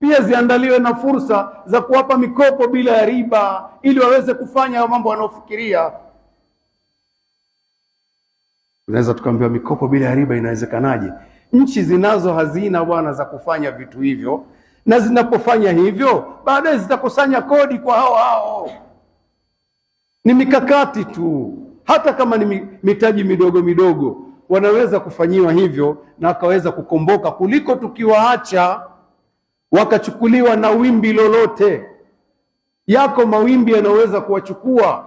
Pia ziandaliwe na fursa za kuwapa mikopo bila ya riba, ili waweze kufanya hayo mambo wanaofikiria. Unaweza tukaambiwa mikopo bila ya riba inawezekanaje? Nchi zinazo hazina bwana za kufanya vitu hivyo, na zinapofanya hivyo baadaye zitakusanya kodi kwa hao hao. Ni mikakati tu, hata kama ni mitaji midogo midogo, wanaweza kufanyiwa hivyo na akaweza kukomboka kuliko tukiwaacha wakachukuliwa na wimbi lolote. Yako mawimbi yanaweza kuwachukua,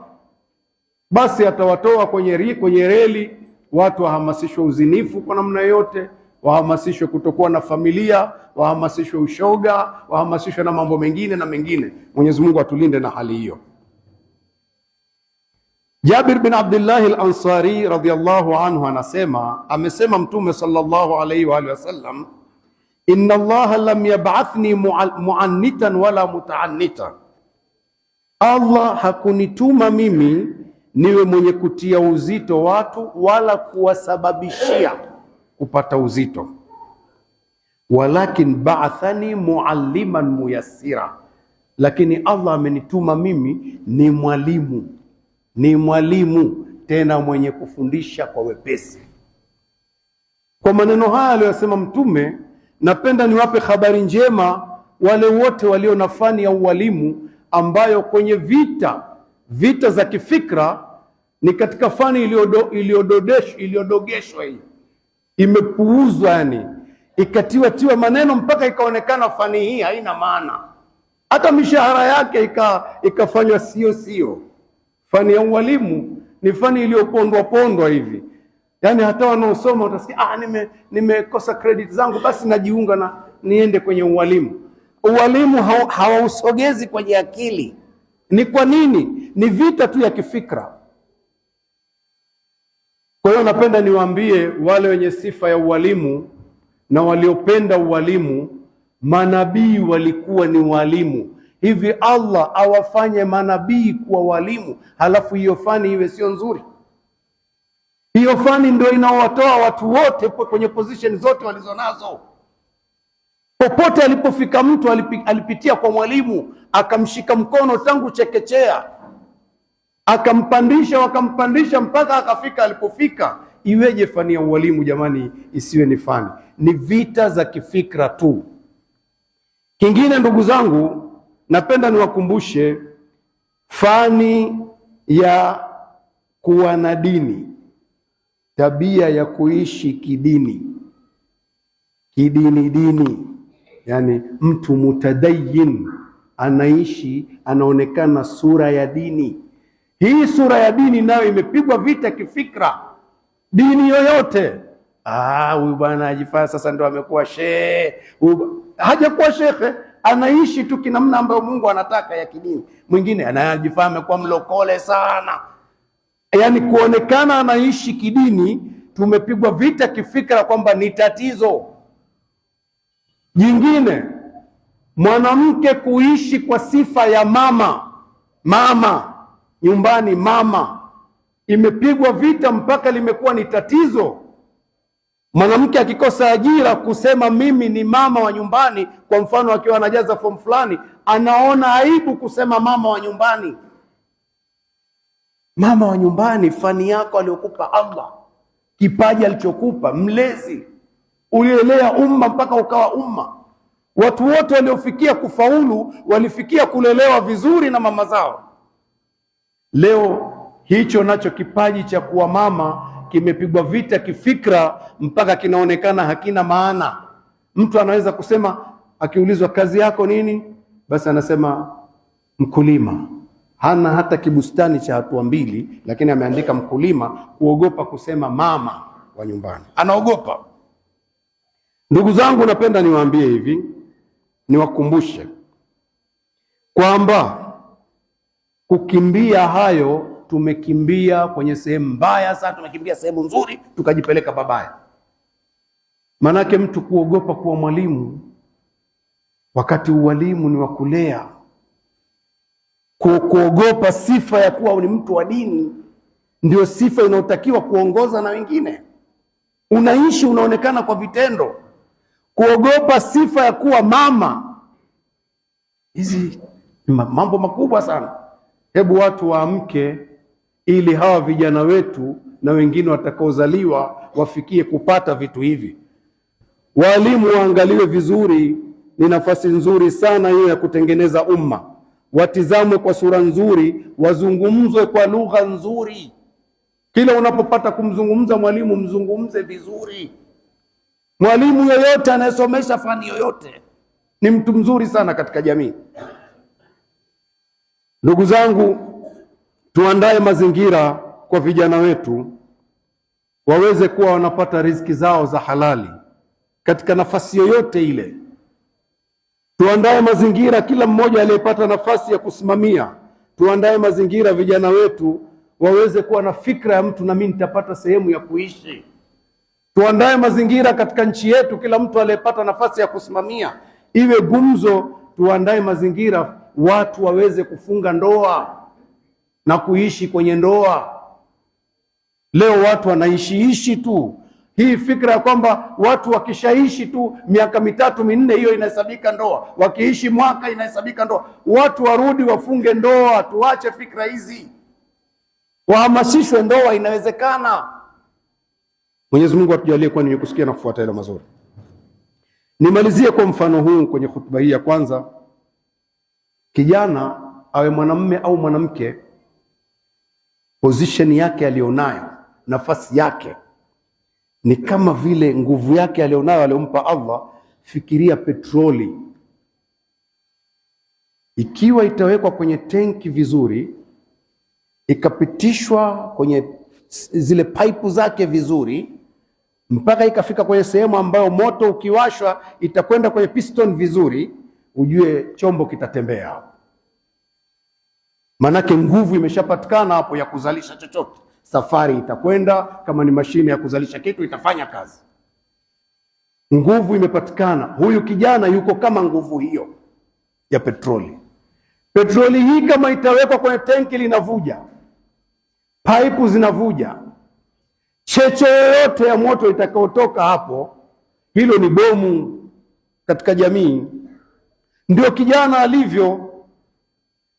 basi atawatoa kwenye ri, kwenye reli. Watu wahamasishwe uzinifu kwa namna yote, wahamasishwe kutokuwa na familia, wahamasishwe ushoga, wahamasishwe na mambo mengine na mengine. Mwenyezi Mungu atulinde na hali hiyo. Jabir bin Abdillahi al-Ansari radhiyallahu anhu anasema, amesema Mtume sallallahu alaihi wa alihi wasallam inna allaha lam yab'athni mu'annitan wala muta'annitan, Allah hakunituma mimi niwe mwenye kutia uzito watu wala kuwasababishia kupata uzito, walakin ba'athani mualliman muyassira, lakini Allah amenituma mimi ni mwalimu, ni mwalimu tena mwenye kufundisha kwa wepesi. Kwa maneno haya aliyosema Mtume Napenda niwape habari njema wale wote walio na fani ya ualimu ambayo kwenye vita vita za kifikra ni katika fani iliyodogeshwa hii, imepuuzwa yani, ikatiwatiwa maneno mpaka ikaonekana fani hii haina maana, hata mishahara yake ikafanywa sio sio. Fani ya ualimu ni fani iliyopondwa pondwa hivi Yaani hata wanaosoma utasikia ah, nime nimekosa credit zangu, basi najiunga na niende kwenye ualimu. Ualimu hawausogezi kwenye akili. Ni kwa nini? Ni vita tu ya kifikra. Kwa hiyo napenda niwaambie wale wenye sifa ya ualimu na waliopenda ualimu, manabii walikuwa ni walimu. Hivi Allah awafanye manabii kuwa walimu, halafu hiyo fani iwe sio nzuri? Hiyo fani ndio inaowatoa watu wote kwenye position zote walizonazo. Popote alipofika mtu alipi, alipitia kwa mwalimu akamshika mkono tangu chekechea akampandisha wakampandisha mpaka akafika alipofika. Iweje fani ya ualimu jamani isiwe ni fani? Ni vita za kifikra tu. Kingine ndugu zangu, napenda niwakumbushe fani ya kuwa na dini tabia ya kuishi kidini kidini dini, yani mtu mutadayin anaishi anaonekana sura ya dini. Hii sura ya dini nayo imepigwa vita kifikra. Dini yoyote ah, huyu bwana ajifaa sasa ndo amekuwa shehe, hajakuwa shekhe, anaishi tu kinamna ambayo Mungu anataka ya kidini. Mwingine anajifaa amekuwa mlokole sana yaani kuonekana anaishi kidini, tumepigwa vita kifikra kwamba ni tatizo jingine. Mwanamke kuishi kwa sifa ya mama, mama nyumbani, mama, imepigwa vita mpaka limekuwa ni tatizo. Mwanamke akikosa ajira kusema mimi ni mama wa nyumbani, kwa mfano akiwa anajaza fomu fulani, anaona aibu kusema mama wa nyumbani mama wa nyumbani, fani yako aliyokupa Allah, kipaji alichokupa, mlezi ulielea umma mpaka ukawa umma. Watu wote waliofikia kufaulu walifikia kulelewa vizuri na mama zao. Leo hicho nacho kipaji cha kuwa mama kimepigwa vita kifikra, mpaka kinaonekana hakina maana. Mtu anaweza kusema, akiulizwa kazi yako nini, basi anasema mkulima hana hata kibustani cha hatua mbili, lakini ameandika mkulima kuogopa kusema mama wa nyumbani, anaogopa. Ndugu zangu, napenda niwaambie hivi, niwakumbushe kwamba kukimbia hayo tumekimbia kwenye sehemu mbaya sana, tumekimbia sehemu nzuri tukajipeleka babaya. Maanake mtu kuogopa kuwa mwalimu wakati uwalimu ni wa kulea kuogopa sifa ya kuwa ni mtu wa dini ndio sifa inayotakiwa kuongoza na wengine. Unaishi unaonekana kwa vitendo, kuogopa sifa ya kuwa mama. Hizi mambo makubwa sana. Hebu watu waamke, ili hawa vijana wetu na wengine watakaozaliwa wafikie kupata vitu hivi. Walimu waangaliwe vizuri, ni nafasi nzuri sana hiyo ya kutengeneza umma watizamwe kwa sura nzuri, wazungumzwe kwa lugha nzuri. Kila unapopata kumzungumza mwalimu, mzungumze vizuri. Mwalimu yoyote anayesomesha fani yoyote ni mtu mzuri sana katika jamii. Ndugu zangu, tuandae mazingira kwa vijana wetu waweze kuwa wanapata riziki zao za halali katika nafasi yoyote ile. Tuandae mazingira, kila mmoja aliyepata nafasi ya kusimamia, tuandae mazingira vijana wetu waweze kuwa na fikra ya mtu, na mimi nitapata sehemu ya kuishi. Tuandae mazingira katika nchi yetu, kila mtu aliyepata nafasi ya kusimamia iwe gumzo. Tuandae mazingira watu waweze kufunga ndoa na kuishi kwenye ndoa. Leo watu wanaishiishi tu hii fikra ya kwamba watu wakishaishi tu miaka mitatu minne, hiyo inahesabika ndoa, wakiishi mwaka inahesabika ndoa. Watu warudi wafunge ndoa, tuache fikra hizi, wahamasishwe ndoa, inawezekana. Mwenyezi Mungu atujalie kuwa ni kusikia na kufuata yale mazuri. Nimalizie kwa mfano huu kwenye hutuba hii ya kwanza. Kijana awe mwanamme au mwanamke, position yake aliyonayo, nafasi yake ni kama vile nguvu yake alionayo aliompa Allah. Fikiria petroli ikiwa itawekwa kwenye tenki vizuri, ikapitishwa kwenye zile paipu zake vizuri, mpaka ikafika kwenye sehemu ambayo moto ukiwashwa itakwenda kwenye piston vizuri, ujue chombo kitatembea. Manake nguvu imeshapatikana hapo ya kuzalisha chochote safari itakwenda. Kama ni mashine ya kuzalisha kitu itafanya kazi. Nguvu imepatikana, huyu kijana yuko kama nguvu hiyo ya petroli. Petroli hii kama itawekwa kwenye tenki linavuja, paipu zinavuja, cheche yoyote ya moto itakayotoka hapo, hilo ni bomu katika jamii. Ndio kijana alivyo,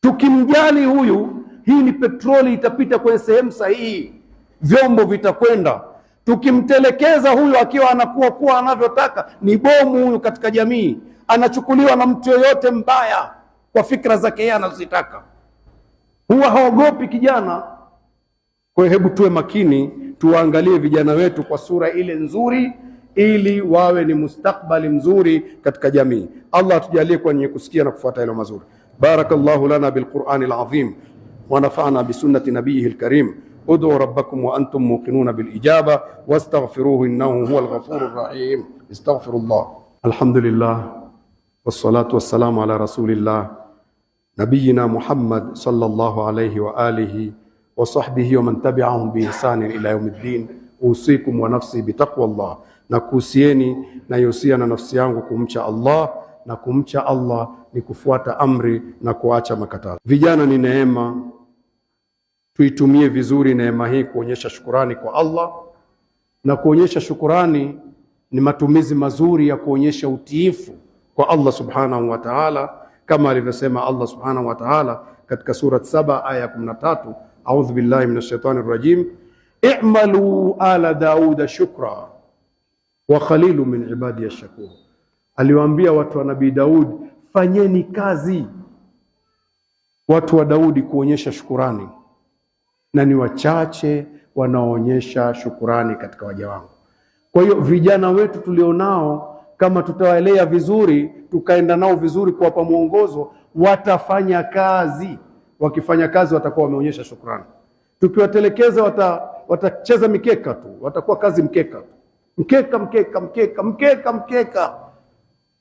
tukimjali huyu hii ni petroli itapita kwenye sehemu sahihi, vyombo vitakwenda. Tukimtelekeza huyu akiwa anakuwa kuwa anavyotaka, ni bomu huyu katika jamii, anachukuliwa na mtu yoyote mbaya kwa fikra zake yeye anazozitaka, huwa haogopi kijana. Kwa hebu tuwe makini, tuwaangalie vijana wetu kwa sura ile nzuri, ili wawe ni mustakbali mzuri katika jamii. Allah atujalie kwa nyenye kusikia na kufuata yale mazuri. Barakallahu lana bilqurani alazim. ونفعنا بسنة نبيه الكريم ادعوا ربكم وأنتم موقنون بالإجابة واستغفروه إنه هو الغفور الرحيم استغفر الله الحمد لله والصلاة والسلام على رسول الله نبينا محمد صلى الله عليه وآله وصحبه ومن تبعهم بإحسان إلى يوم الدين أوصيكم ونفسي بتقوى الله نكوسيني نيوسينا نفسي yosia شاء الله yangu kumcha Allah na kumcha Allah ni kufuata amri na kuacha Vijana ni neema Tuitumie vizuri neema hii kuonyesha shukurani kwa Allah, na kuonyesha shukurani ni matumizi mazuri ya kuonyesha utiifu kwa Allah subhanahu wa ta'ala, kama alivyosema Allah subhanahu wa ta'ala katika surat saba aya ya 13, audhu billahi minash shaitani rajim i'malu ala dauda shukra wa khalilu min ibadi shakur. Aliwaambia watu wa nabii Daud, fanyeni kazi watu wa Daudi kuonyesha shukurani na ni wachache wanaoonyesha shukurani katika waja wangu. Kwa hiyo vijana wetu tulionao, kama tutawaelea vizuri, tukaenda nao vizuri, kuwapa mwongozo, watafanya kazi. Wakifanya kazi, watakuwa wameonyesha shukurani. Tukiwatelekeza wata, watacheza mikeka tu, watakuwa kazi mkeka tu, mkeka mkeka mkeka mkeka mkeka,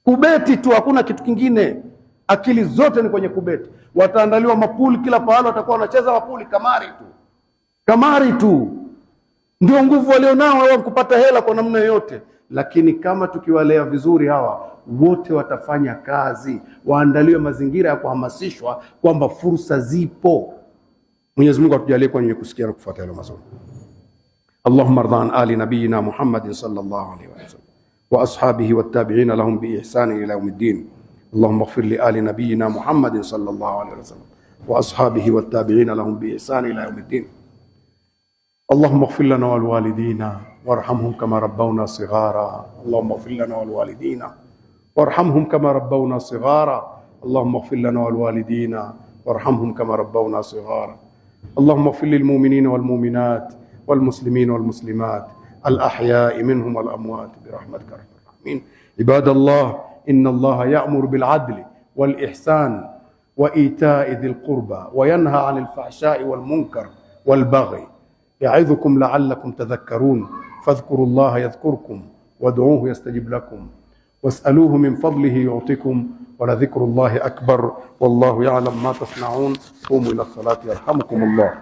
kubeti tu, hakuna kitu kingine. Akili zote ni kwenye kubeti. Wataandaliwa mapuli kila pahali, watakuwa wanacheza mapuli kamari tu kamari tu ndio nguvu walionao hawa kupata hela kwa namna yoyote, lakini kama tukiwalea vizuri hawa wote watafanya kazi, waandaliwe mazingira ya kuhamasishwa kwamba fursa zipo. Mwenyezi Mungu atujalie kwa nyenye kusikia na kufuata yale mazuri. Allahumma arda an ali nabiyina Muhammadin sallallahu alaihi wasallam wa ashabihi wa wattabi'ina lahum bi ihsani ila yawmiddin. Allahumma ighfir li ali nabiyina Muhammadin sallallahu alaihi wasallam wa ashabihi wa wattabi'ina lahum bi ihsani ila yawmiddin. اللهم اغفر لنا والوالدين وارحمهم كما ربونا صغارا اللهم اغفر لنا والوالدين وارحمهم كما ربونا صغارا اللهم اغفر لنا والوالدين وارحمهم كما ربونا صغارا اللهم اغفر للمؤمنين والمؤمنات والمسلمين والمسلمات الأحياء منهم والأموات برحمتك رب العالمين عباد الله إن الله يأمر بالعدل والإحسان وإيتاء ذي القربى وينهى عن الفحشاء والمنكر والبغي يعظكم لعلكم تذكرون فاذكروا الله يذكركم وادعوه يستجب لكم واسألوه من فضله يعطكم ولذكر الله أكبر والله يعلم ما تصنعون قوموا إلى الصلاة يرحمكم الله